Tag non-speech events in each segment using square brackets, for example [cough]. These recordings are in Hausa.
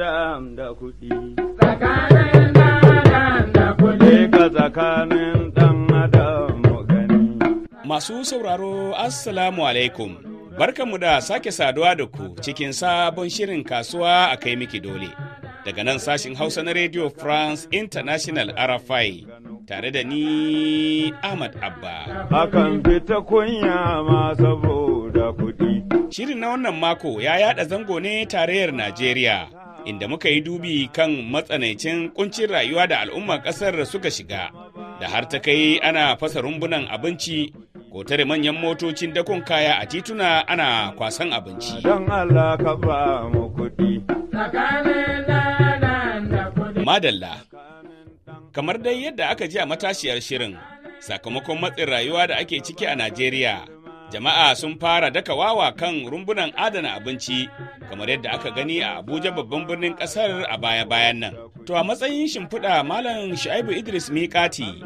dam da kuɗi. Tsakanin dam da mu gani. Masu sauraro Assalamu alaikum. Barkanmu da sake saduwa da ku cikin sabon shirin kasuwa a kai miki dole. Daga nan sashin Hausa na Radio France International RFI tare da ni Ahmad Abba. Akan fita kunya ma saboda kuɗi. Shirin na wannan mako ya yada zango ne tarayyar Najeriya. inda muka yi dubi kan matsanancin kuncin rayuwa da al'ummar ƙasar suka shiga da har ta kai ana fasa rumbunan abinci ko tare manyan motocin dakon kaya a tituna ana kwasan abinci. Madalla, kamar dai yadda aka ji a matashiyar shirin, sakamakon matsin rayuwa da ake ciki a Najeriya. jama'a sun fara daka wawa kan rumbunan adana abinci kamar yadda aka gani a abuja babban birnin kasar a baya-bayan nan to a matsayin shimfiɗa malam shaibu idris miƙati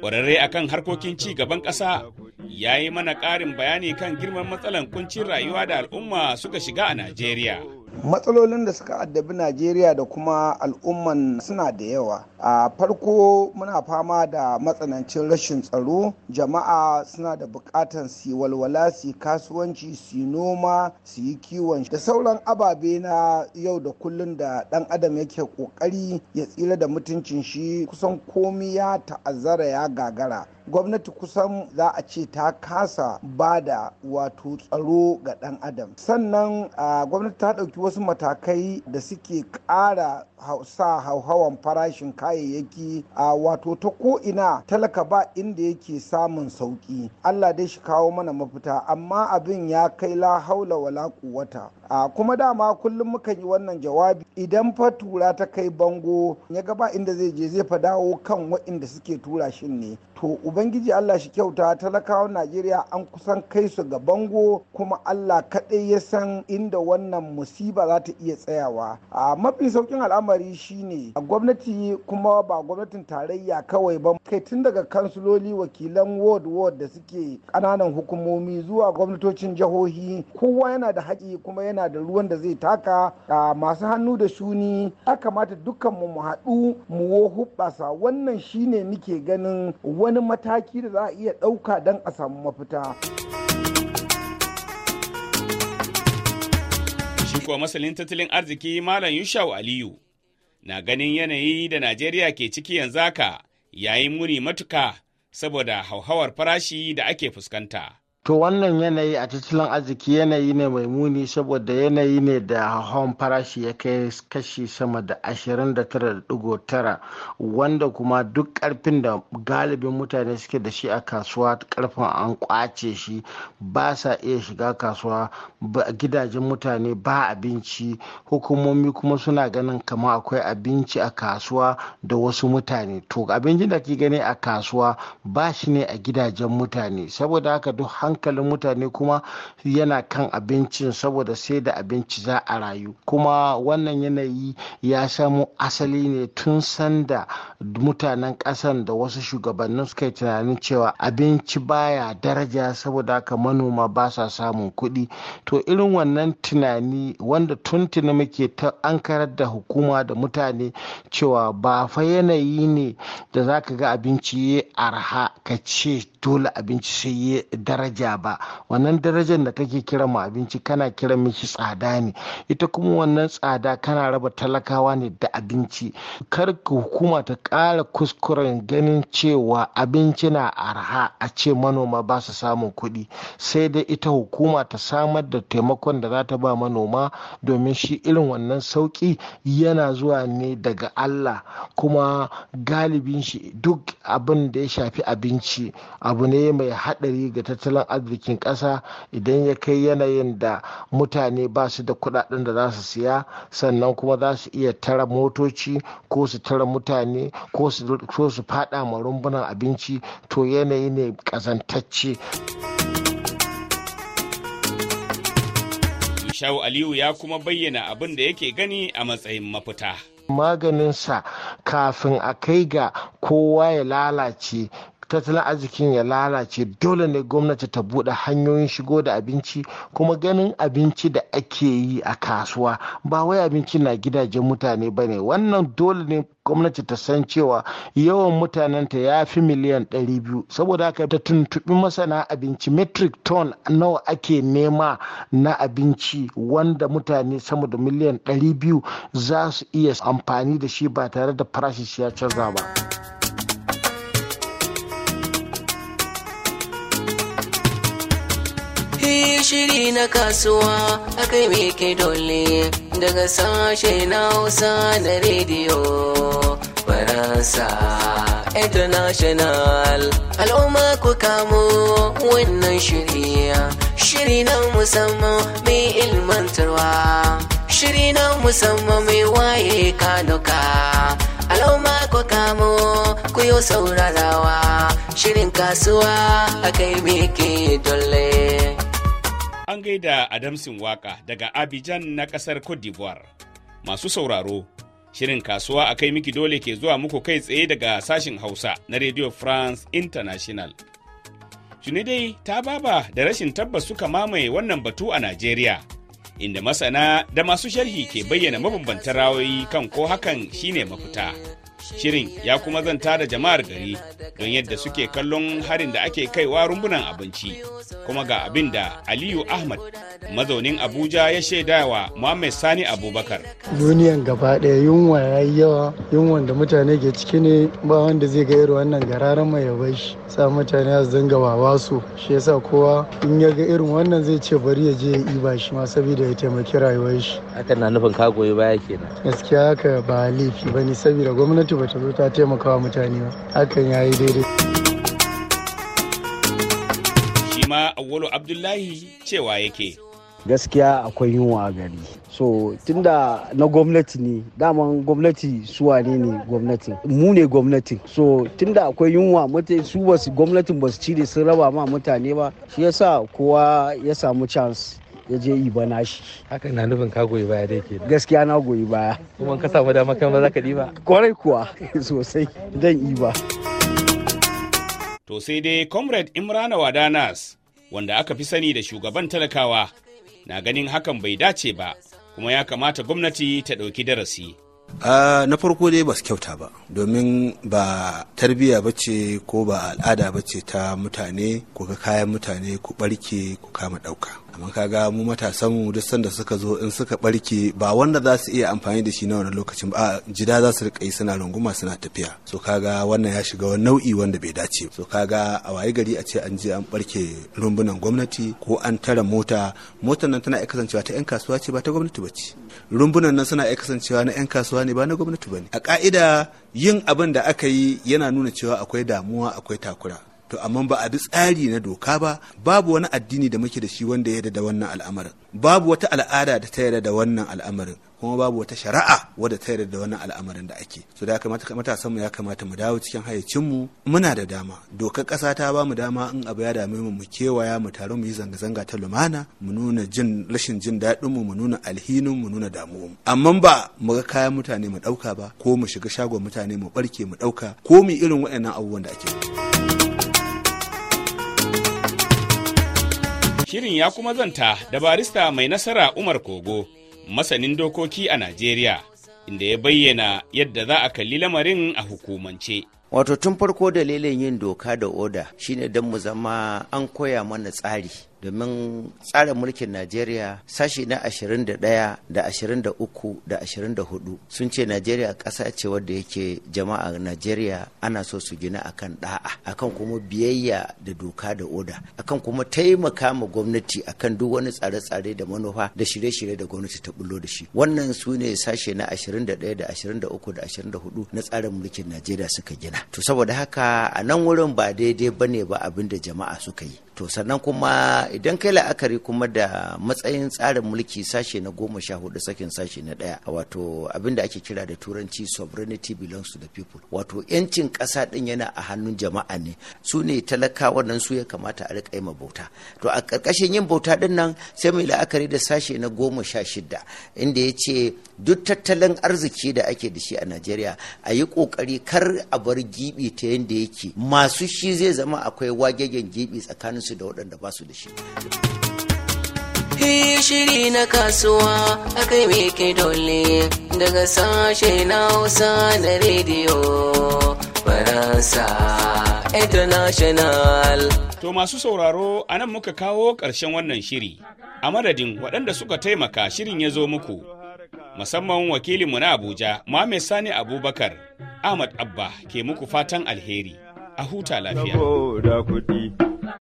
ƙwararre akan harkokin ci gaban ƙasa ya yi mana ƙarin bayani kan girman matsalan kuncin rayuwa da al'umma suka shiga a najeriya matsalolin da suka addabi najeriya da kuma al'umman suna da yawa a farko muna fama da matsanancin rashin tsaro jama'a suna da bukatan su yi walwala su yi kasuwanci su yi noma su yi kiwon da sauran ababe na yau da kullun da dan adam yake kokari ya tsira da mutuncin shi kusan komi ya ta'azzara ya gagara gwamnati kusan za a ce ta kasa ba da wato tsaro ga ɗan adam sannan gwamnati ta ɗauki wasu matakai da suke ƙara sa hauhawan farashin kayayyaki a wato ta ko'ina talaka ba inda yake samun sauƙi allah dai shi kawo mana mafita amma abin ya kai la haula wala kuwata kuma dama kullum mukan yi wannan jawabi idan fa tura ta kai bango ya gaba inda zai je zai fa kan waɗanda suke tura shi ne to ubangiji allah shi kyauta talakawan najeriya an kusan kai su ga bango kuma allah kaɗai ya san inda wannan musiba za ta iya tsayawa a mafi saukin al'amari shine a gwamnati kuma ba gwamnatin tarayya kawai ba kai tun daga kansuloli wakilan ward ward da suke ƙananan hukumomi zuwa gwamnatocin jihohi kowa yana da haƙi kuma yana da ruwan da zai taka masu hannu da su ni kamata dukkan mu mu haɗu mu wo hubbasa wannan shine nike ganin wani mataki da za a iya ɗauka don a samu mafita. Shi kuwa masalin tattalin arziki Malam Yushau Aliyu na ganin yanayi da Najeriya ke ciki yanzu haka yayin muni matuka saboda hauhawar farashi da ake fuskanta. To wannan yanayi a tattalin arziki yanayi ne mai muni saboda yanayi ne da hawan farashi ya kai kashi sama da 29.9 wanda kuma duk karfin da galibin mutane suke da shi a kasuwa karfin an kwace shi ba sa iya shiga kasuwa gidajen mutane ba abinci hukumomi kuma suna ganin kama akwai abinci a kasuwa da wasu mutane to abincin da ke gani a kasuwa ba shi ne a gidajen mutane saboda haka duk hankalin mutane kuma yana kan abincin saboda sai da abinci za a rayu kuma wannan yanayi ya samu asali ne tun sanda mutanen ƙasan da wasu shugabannin suka yi tunanin cewa abinci baya daraja saboda haka manoma ba sa samun kuɗi to irin wannan tunani wanda tuntuni muke ta ankarar da hukuma da mutane cewa ba fa yanayi ne da za ka ga abinci ya arha ka ce dole abinci sai ya daraja ba wannan darajar da kake kira mu abinci kana kira miki tsada ne ita kuma wannan tsada kana raba talakawa ne da abinci kar ka hukuma ta ƙara kuskuren ganin cewa abinci na arha a ce manoma ba su samun kuɗi sai dai ita hukuma ta samar da taimakon da za ta ba manoma domin shi irin wannan sauƙi yana zuwa ne daga Allah kuma galibin shi duk abin da ya shafi abinci abinci abu ne mai haɗari ga tattalin arzikin ƙasa idan ya kai yanayin da mutane ba su da kuɗaɗen da za su siya sannan kuma za su iya tara motoci ko su tara mutane ko su faɗa ma rumbunan abinci to yanayi ne ƙazantacce. Shawu Aliyu ya kuma bayyana abin da yake gani a matsayin mafita. Maganinsa kafin a kai ga kowa ya lalace tattalin arzikin ya lalace dole ne gwamnati ta buɗe hanyoyin shigo da abinci kuma ganin abinci da ake yi a kasuwa ba wai abinci na gidajen mutane ba ne wannan dole ne gwamnati ta san cewa yawan mutanenta ya fi miliyan 200 saboda haka ta tuntubi masana abinci metric ton nawa ake nema na abinci wanda mutane sama da miliyan 200 za su iya amfani da shi ba tare da farashi ya canza ba. shiri na kasuwa akai me dole daga sashe na hausa na rediyo faransa international al'umma ku kamo wannan shiri shiri na musamman mai ilmantarwa shiri na musamman mai waye kanuka al'umma ku kamo ku yi saurarawa shirin kasuwa akai me dole An gaida Adamsin Waka daga abijan na ƙasar Cote d'Ivoire. Masu sauraro, shirin kasuwa a kai miki dole ke zuwa muku kai tsaye daga sashin Hausa na Radio France International. Tuni dai ta baba da rashin tabbas suka mamaye wannan batu a Najeriya, inda masana da masu sharhi ke bayyana mabambantan rawayi kan ko hakan shine mafita. Shirin ya kuma zanta da jama'ar gari don yadda suke kallon harin da ake kaiwa rumbunan abinci. Kuma ga abin da Aliyu Ahmad mazaunin Abuja ya shaida wa Muhammad Sani Abubakar. Duniyan gaba ɗaya yunwa ya yi yawa, yunwan da mutane ke ciki ne ba wanda zai ga irin wannan gararan mai yabai shi. Sa mutane su dinga wawa su, shi yasa kowa in ya ga irin wannan zai ce bari ya je ya iba shi ma saboda ya taimaki rayuwar shi. Hakan na nufin ka goyi baya kenan. Gaskiya haka ba laifi ba ne saboda gwamnati gwamnati bata zo ta taimaka wa mutane ba hakan ya yi daidai shi ma awwalu abdullahi cewa yake gaskiya akwai yunwa a gari so tunda na gwamnati ne daman gwamnati suwa ne ne gwamnatin mu ne gwamnatin so tunda akwai yunwa mutane su basu gwamnatin basu cire sun raba ma mutane ba shi yasa kowa ya samu chance ya je yi ba nashi hakan na nufin ka goyi baya dai ke gaskiya na goyi baya kuma ka samu dama kan ba za ka diba kwarai kuwa [laughs] sosai dan yi ba to sai dai comrade imrana wadanas wanda aka fi sani da shugaban talakawa na ganin hakan bai dace ba kuma ya kamata gwamnati ta ɗauki darasi Uh, na farko dai ba su kyauta ba domin ba tarbiyya ba ce ko ba al'ada ba ce ta mutane ko ga kayan mutane ku barke ku kama ɗauka amma kaga mu matasan mu duk sanda suka zo in suka barke ba wanda za su iya amfani da shi na wani lokacin ba jida za su rika yi suna runguma suna tafiya so kaga wannan ya shiga wani nau'i wanda bai dace so kaga a waye gari a ce an je an barke rumbunan gwamnati ko an tara mota motar nan tana iya kasancewa ta yan kasuwa ce ba ta gwamnati ba ce rumbunan nan suna iya kasancewa na yan kasuwa ne ba na gwamnati ba ne a ka'ida yin abin da aka yi yana nuna cewa akwai damuwa akwai takura to amma ba a bi tsari na doka ba babu wani addini da muke da shi wanda ya da wannan al'amarin babu wata al'ada da ta da wannan al'amarin kuma babu wata shari'a wadda ta yarda da wannan al'amarin da ake so da kamata matasanmu ya kamata mu dawo cikin hayyacinmu muna da dama dokar ƙasa ta ba mu dama in abu ya dame mu mu kewaya mu taru mu yi zanga-zanga ta lumana mu nuna jin rashin jin daɗin mu mu nuna alhinin mu nuna damuwa amma ba mu ga kayan mutane mu ɗauka ba ko mu shiga shagon mutane mu ɓarke mu ɗauka ko mu irin waɗannan abubuwan da ake Shirin ya kuma zanta da barista mai nasara Umar Kogo, masanin dokoki a Najeriya, inda ya bayyana yadda za a kalli lamarin a hukumance. Wato tun farko dalilin yin doka da oda shine don mu zama an koya mana tsari. domin tsarin mulkin Najeriya sashi na 21 da 23 da 24 sun ce Najeriya ƙasa ce wadda yake jama'a Najeriya ana so su gina akan da'a akan kuma biyayya da doka da oda akan kuma taimaka ma gwamnati akan duk wani tsare-tsare da manufa da shirye-shirye da gwamnati ta bullo da shi wannan su ne sashe na 21 da 23 da 24 na tsarin mulkin Najeriya suka gina to saboda haka a nan wurin ba daidai bane ba abinda jama'a suka yi to sannan kuma idan kai la'akari kuma da matsayin tsarin mulki sashe na goma sha hudu sakin sashe na daya wato abinda ake kira da turanci sovereignty belongs to the people wato yancin kasa din yana a hannun jama'a ne su ne talakawa nan su ya kamata a riƙa ma bauta to a ƙarƙashin yin bauta din nan sai mai la'akari da sashe na goma sha shida inda ya ce duk tattalin arziki da ake da shi a Najeriya a yi ƙoƙari kar a bar Giɓi ta yadda yake masu shi zai zama akwai wagegen gibi tsakaninsu da waɗanda ba su da shi. shiri na kasuwa a ke dole daga sashe na hausa na rediyo faransa international to masu sauraro a nan muka kawo ƙarshen wannan shiri a madadin waɗanda suka taimaka shirin ya zo muku musamman wakilinmu na Abuja, mame Sani Abubakar, Ahmad Abba ke muku fatan alheri, a huta lafiya.